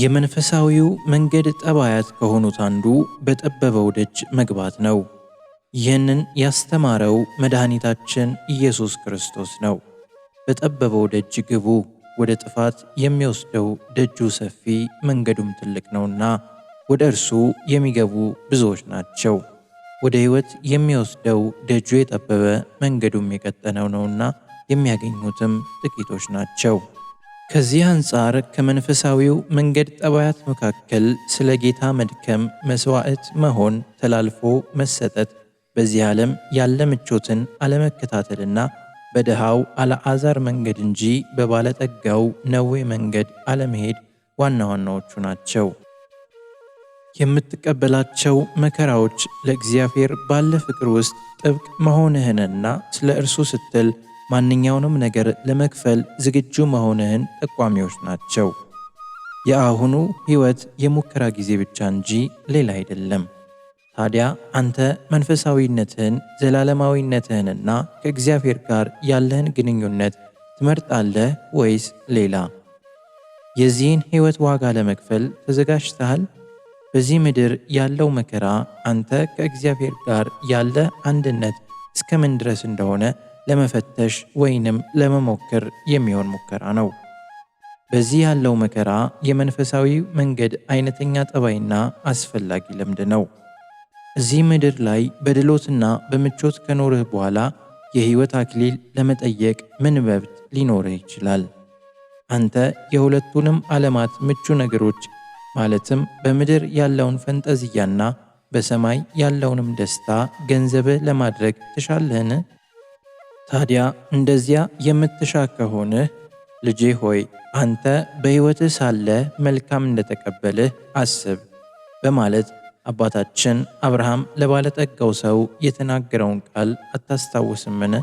የመንፈሳዊው መንገድ ጠባያት ከሆኑት አንዱ በጠበበው ደጅ መግባት ነው። ይህንን ያስተማረው መድኃኒታችን ኢየሱስ ክርስቶስ ነው። በጠበበው ደጅ ግቡ፣ ወደ ጥፋት የሚወስደው ደጁ ሰፊ መንገዱም ትልቅ ነውና ወደ እርሱ የሚገቡ ብዙዎች ናቸው። ወደ ሕይወት የሚወስደው ደጁ የጠበበ መንገዱም የቀጠነው ነውና የሚያገኙትም ጥቂቶች ናቸው። ከዚህ አንጻር ከመንፈሳዊው መንገድ ጠባያት መካከል ስለ ጌታ መድከም፣ መስዋዕት መሆን፣ ተላልፎ መሰጠት፣ በዚህ ዓለም ያለ ምቾትን አለመከታተልና በድሃው አልዓዛር መንገድ እንጂ በባለጠጋው ነዌ መንገድ አለመሄድ ዋና ዋናዎቹ ናቸው። የምትቀበላቸው መከራዎች ለእግዚአብሔር ባለ ፍቅር ውስጥ ጥብቅ መሆንህንና ስለ እርሱ ስትል ማንኛውንም ነገር ለመክፈል ዝግጁ መሆንህን ጠቋሚዎች ናቸው። የአሁኑ ሕይወት የሙከራ ጊዜ ብቻ እንጂ ሌላ አይደለም። ታዲያ አንተ መንፈሳዊነትህን፣ ዘላለማዊነትህንና ከእግዚአብሔር ጋር ያለህን ግንኙነት ትመርጣለህ ወይስ ሌላ? የዚህን ሕይወት ዋጋ ለመክፈል ተዘጋጅተሃል? በዚህ ምድር ያለው መከራ አንተ ከእግዚአብሔር ጋር ያለ አንድነት እስከምን ድረስ እንደሆነ ለመፈተሽ ወይንም ለመሞከር የሚሆን ሙከራ ነው። በዚህ ያለው መከራ የመንፈሳዊ መንገድ አይነተኛ ጠባይና አስፈላጊ ልምድ ነው። እዚህ ምድር ላይ በድሎትና በምቾት ከኖርህ በኋላ የሕይወት አክሊል ለመጠየቅ ምን መብት ሊኖርህ ይችላል? አንተ የሁለቱንም ዓለማት ምቹ ነገሮች ማለትም በምድር ያለውን ፈንጠዝያና በሰማይ ያለውንም ደስታ ገንዘብህ ለማድረግ ትሻለህን? ታዲያ እንደዚያ የምትሻ ከሆንህ ልጄ ሆይ አንተ በሕይወትህ ሳለ መልካም እንደተቀበልህ አስብ በማለት አባታችን አብርሃም ለባለጠጋው ሰው የተናገረውን ቃል አታስታውስምን?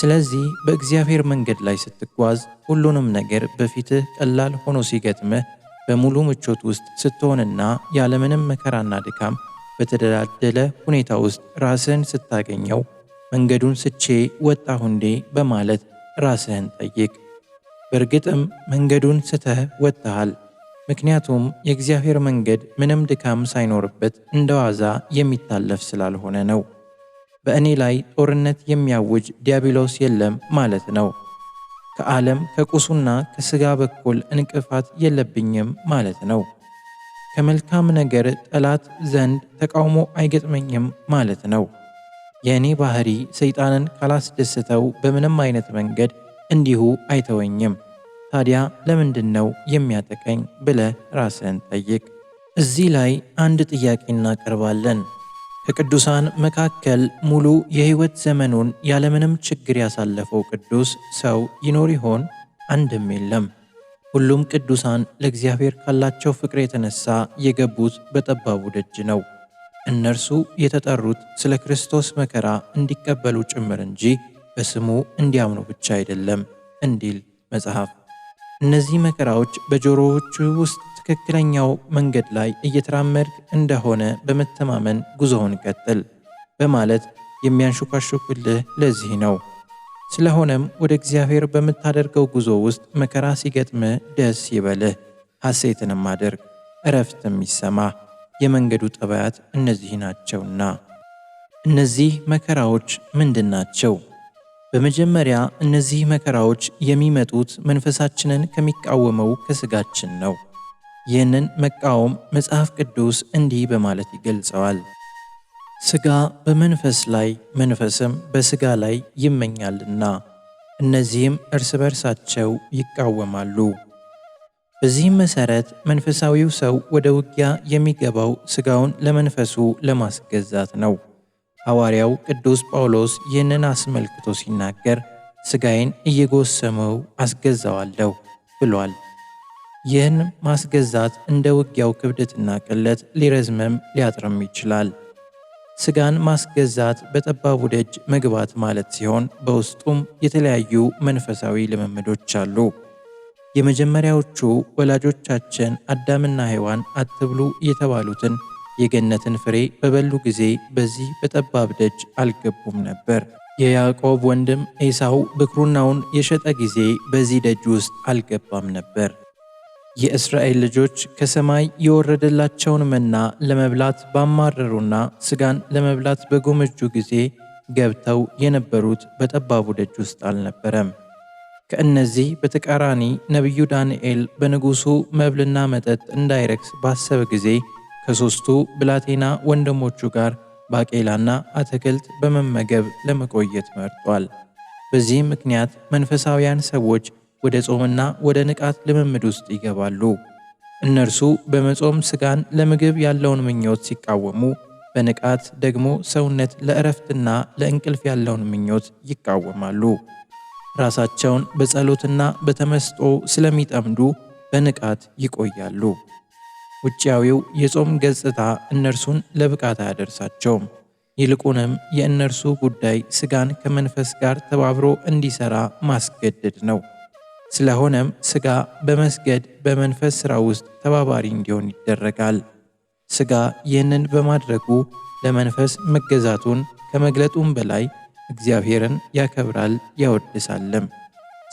ስለዚህ በእግዚአብሔር መንገድ ላይ ስትጓዝ ሁሉንም ነገር በፊትህ ቀላል ሆኖ ሲገጥምህ በሙሉ ምቾት ውስጥ ስትሆንና ያለምንም መከራና ድካም በተደላደለ ሁኔታ ውስጥ ራስህን ስታገኘው መንገዱን ስቼ ወጣሁ እንዴ በማለት ራስህን ጠይቅ። በእርግጥም መንገዱን ስተህ ወጥተሃል። ምክንያቱም የእግዚአብሔር መንገድ ምንም ድካም ሳይኖርበት እንደ ዋዛ የሚታለፍ ስላልሆነ ነው። በእኔ ላይ ጦርነት የሚያውጅ ዲያብሎስ የለም ማለት ነው። ከዓለም ከቁሱና ከሥጋ በኩል እንቅፋት የለብኝም ማለት ነው። ከመልካም ነገር ጠላት ዘንድ ተቃውሞ አይገጥመኝም ማለት ነው። የእኔ ባህሪ ሰይጣንን ካላስደሰተው በምንም አይነት መንገድ እንዲሁ አይተወኝም። ታዲያ ለምንድን ነው የሚያጠቀኝ ብለህ ራስህን ጠይቅ። እዚህ ላይ አንድ ጥያቄ እናቀርባለን። ከቅዱሳን መካከል ሙሉ የሕይወት ዘመኑን ያለምንም ችግር ያሳለፈው ቅዱስ ሰው ይኖር ይሆን? አንድም የለም። ሁሉም ቅዱሳን ለእግዚአብሔር ካላቸው ፍቅር የተነሳ የገቡት በጠባቡ ደጅ ነው። እነርሱ የተጠሩት ስለ ክርስቶስ መከራ እንዲቀበሉ ጭምር እንጂ በስሙ እንዲያምኑ ብቻ አይደለም እንዲል መጽሐፍ። እነዚህ መከራዎች በጆሮዎቹ ውስጥ ትክክለኛው መንገድ ላይ እየተራመድክ እንደሆነ በመተማመን ጉዞውን ቀጥል በማለት የሚያንሹካሹክልህ ለዚህ ነው። ስለሆነም ወደ እግዚአብሔር በምታደርገው ጉዞ ውስጥ መከራ ሲገጥምህ ደስ ይበልህ፣ ሐሴትንም አድርግ፣ እረፍትም ይሰማህ። የመንገዱ ጠባያት እነዚህ ናቸውና። እነዚህ መከራዎች ምንድን ናቸው? በመጀመሪያ እነዚህ መከራዎች የሚመጡት መንፈሳችንን ከሚቃወመው ከስጋችን ነው። ይህንን መቃወም መጽሐፍ ቅዱስ እንዲህ በማለት ይገልጸዋል። ስጋ በመንፈስ ላይ መንፈስም በስጋ ላይ ይመኛልና እነዚህም እርስ በርሳቸው ይቃወማሉ። በዚህም መሠረት መንፈሳዊው ሰው ወደ ውጊያ የሚገባው ስጋውን ለመንፈሱ ለማስገዛት ነው። ሐዋርያው ቅዱስ ጳውሎስ ይህንን አስመልክቶ ሲናገር ስጋዬን እየጎሰመው አስገዛዋለሁ ብሏል። ይህን ማስገዛት እንደ ውጊያው ክብደትና ቅለት ሊረዝምም ሊያጥርም ይችላል። ሥጋን ማስገዛት በጠባቡ ደጅ መግባት ማለት ሲሆን በውስጡም የተለያዩ መንፈሳዊ ልምምዶች አሉ። የመጀመሪያዎቹ ወላጆቻችን አዳምና ሔዋን አትብሉ የተባሉትን የገነትን ፍሬ በበሉ ጊዜ በዚህ በጠባብ ደጅ አልገቡም ነበር። የያዕቆብ ወንድም ኤሳው ብኩርናውን የሸጠ ጊዜ በዚህ ደጅ ውስጥ አልገባም ነበር። የእስራኤል ልጆች ከሰማይ የወረደላቸውን መና ለመብላት ባማረሩና ስጋን ለመብላት በጎመጁ ጊዜ ገብተው የነበሩት በጠባቡ ደጅ ውስጥ አልነበረም። ከእነዚህ በተቃራኒ ነቢዩ ዳንኤል በንጉሡ መብልና መጠጥ እንዳይረክስ ባሰበ ጊዜ ከሦስቱ ብላቴና ወንድሞቹ ጋር ባቄላና አትክልት በመመገብ ለመቆየት መርጧል። በዚህም ምክንያት መንፈሳውያን ሰዎች ወደ ጾምና ወደ ንቃት ልምምድ ውስጥ ይገባሉ። እነርሱ በመጾም ሥጋን ለምግብ ያለውን ምኞት ሲቃወሙ፣ በንቃት ደግሞ ሰውነት ለእረፍትና ለእንቅልፍ ያለውን ምኞት ይቃወማሉ። ራሳቸውን በጸሎትና በተመስጦ ስለሚጠምዱ በንቃት ይቆያሉ። ውጫዊው የጾም ገጽታ እነርሱን ለብቃት አያደርሳቸውም። ይልቁንም የእነርሱ ጉዳይ ሥጋን ከመንፈስ ጋር ተባብሮ እንዲሠራ ማስገደድ ነው። ስለሆነም ሥጋ በመስገድ በመንፈስ ሥራ ውስጥ ተባባሪ እንዲሆን ይደረጋል። ሥጋ ይህንን በማድረጉ ለመንፈስ መገዛቱን ከመግለጡም በላይ እግዚአብሔርን ያከብራል ያወድሳልም።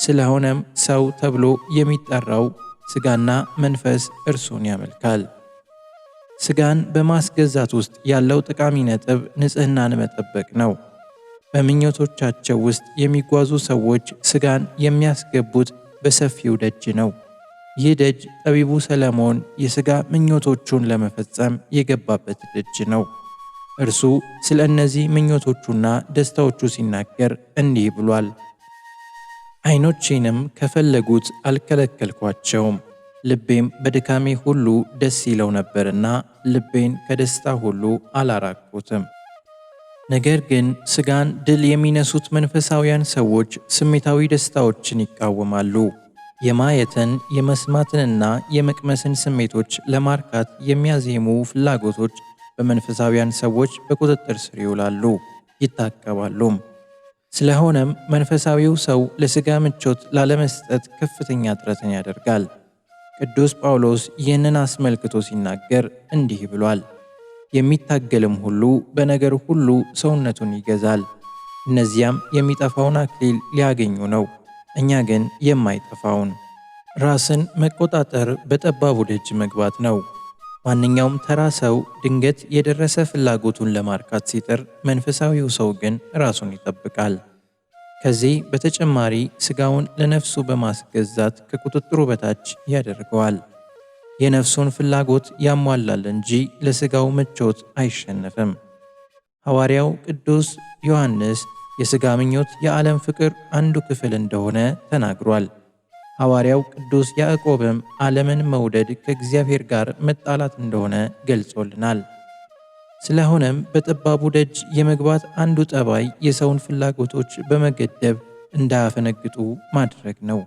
ስለሆነም ሰው ተብሎ የሚጠራው ሥጋና መንፈስ እርሱን ያመልካል። ሥጋን በማስገዛት ውስጥ ያለው ጠቃሚ ነጥብ ንጽሕናን መጠበቅ ነው። በምኞቶቻቸው ውስጥ የሚጓዙ ሰዎች ሥጋን የሚያስገቡት በሰፊው ደጅ ነው። ይህ ደጅ ጠቢቡ ሰለሞን የሥጋ ምኞቶቹን ለመፈጸም የገባበት ደጅ ነው። እርሱ ስለ እነዚህ ምኞቶቹና ደስታዎቹ ሲናገር እንዲህ ብሏል። ዓይኖቼንም ከፈለጉት አልከለከልኳቸውም፣ ልቤም በድካሜ ሁሉ ደስ ይለው ነበርና ልቤን ከደስታ ሁሉ አላራቅኩትም። ነገር ግን ሥጋን ድል የሚነሱት መንፈሳውያን ሰዎች ስሜታዊ ደስታዎችን ይቃወማሉ። የማየትን የመስማትንና የመቅመስን ስሜቶች ለማርካት የሚያዜሙ ፍላጎቶች በመንፈሳውያን ሰዎች በቁጥጥር ስር ይውላሉ፣ ይታቀባሉም። ስለሆነም መንፈሳዊው ሰው ለሥጋ ምቾት ላለመስጠት ከፍተኛ ጥረትን ያደርጋል። ቅዱስ ጳውሎስ ይህንን አስመልክቶ ሲናገር እንዲህ ብሏል፣ የሚታገልም ሁሉ በነገር ሁሉ ሰውነቱን ይገዛል። እነዚያም የሚጠፋውን አክሊል ሊያገኙ ነው፣ እኛ ግን የማይጠፋውን። ራስን መቆጣጠር በጠባቡ ደጅ መግባት ነው። ማንኛውም ተራ ሰው ድንገት የደረሰ ፍላጎቱን ለማርካት ሲጥር፣ መንፈሳዊው ሰው ግን ራሱን ይጠብቃል። ከዚህ በተጨማሪ ስጋውን ለነፍሱ በማስገዛት ከቁጥጥሩ በታች ያደርገዋል። የነፍሱን ፍላጎት ያሟላል እንጂ ለሥጋው ምቾት አይሸነፍም። ሐዋርያው ቅዱስ ዮሐንስ የሥጋ ምኞት የዓለም ፍቅር አንዱ ክፍል እንደሆነ ተናግሯል። ሐዋርያው ቅዱስ ያዕቆብም ዓለምን መውደድ ከእግዚአብሔር ጋር መጣላት እንደሆነ ገልጾልናል። ስለሆነም በጠባቡ ደጅ የመግባት አንዱ ጠባይ የሰውን ፍላጎቶች በመገደብ እንዳያፈነግጡ ማድረግ ነው።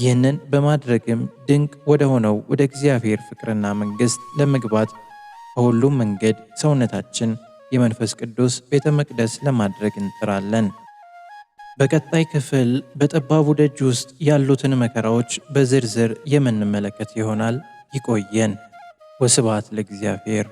ይህንን በማድረግም ድንቅ ወደ ሆነው ወደ እግዚአብሔር ፍቅርና መንግሥት ለመግባት በሁሉም መንገድ ሰውነታችን የመንፈስ ቅዱስ ቤተ መቅደስ ለማድረግ እንጥራለን። በቀጣይ ክፍል በጠባቡ ደጅ ውስጥ ያሉትን መከራዎች በዝርዝር የምንመለከት ይሆናል። ይቆየን። ወስብሐት ለእግዚአብሔር።